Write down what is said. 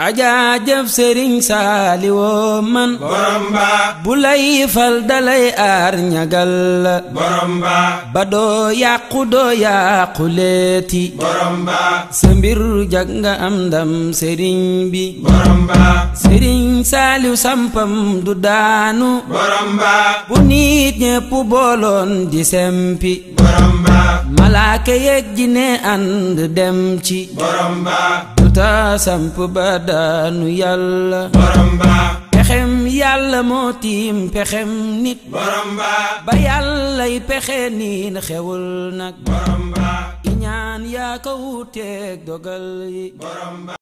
ajaa jëf sëriñ saaliwoo bu lay fal dalay aar ñagal borom ba ba doo leeti borom mbir jag nga am ndam sëriñ bi borom ba sampam du daanu borom bu nit ñépp booloon di sempi borom ba malaaka yeeg ne ànd dem ci anta samp ba daanu yàlla borom ba pexem yàlla moo tiim pexem nit borom ba ba yàllay pexe niin xewul nag borom ba i ñaan yaa ko wuteeg dogal yi borom ba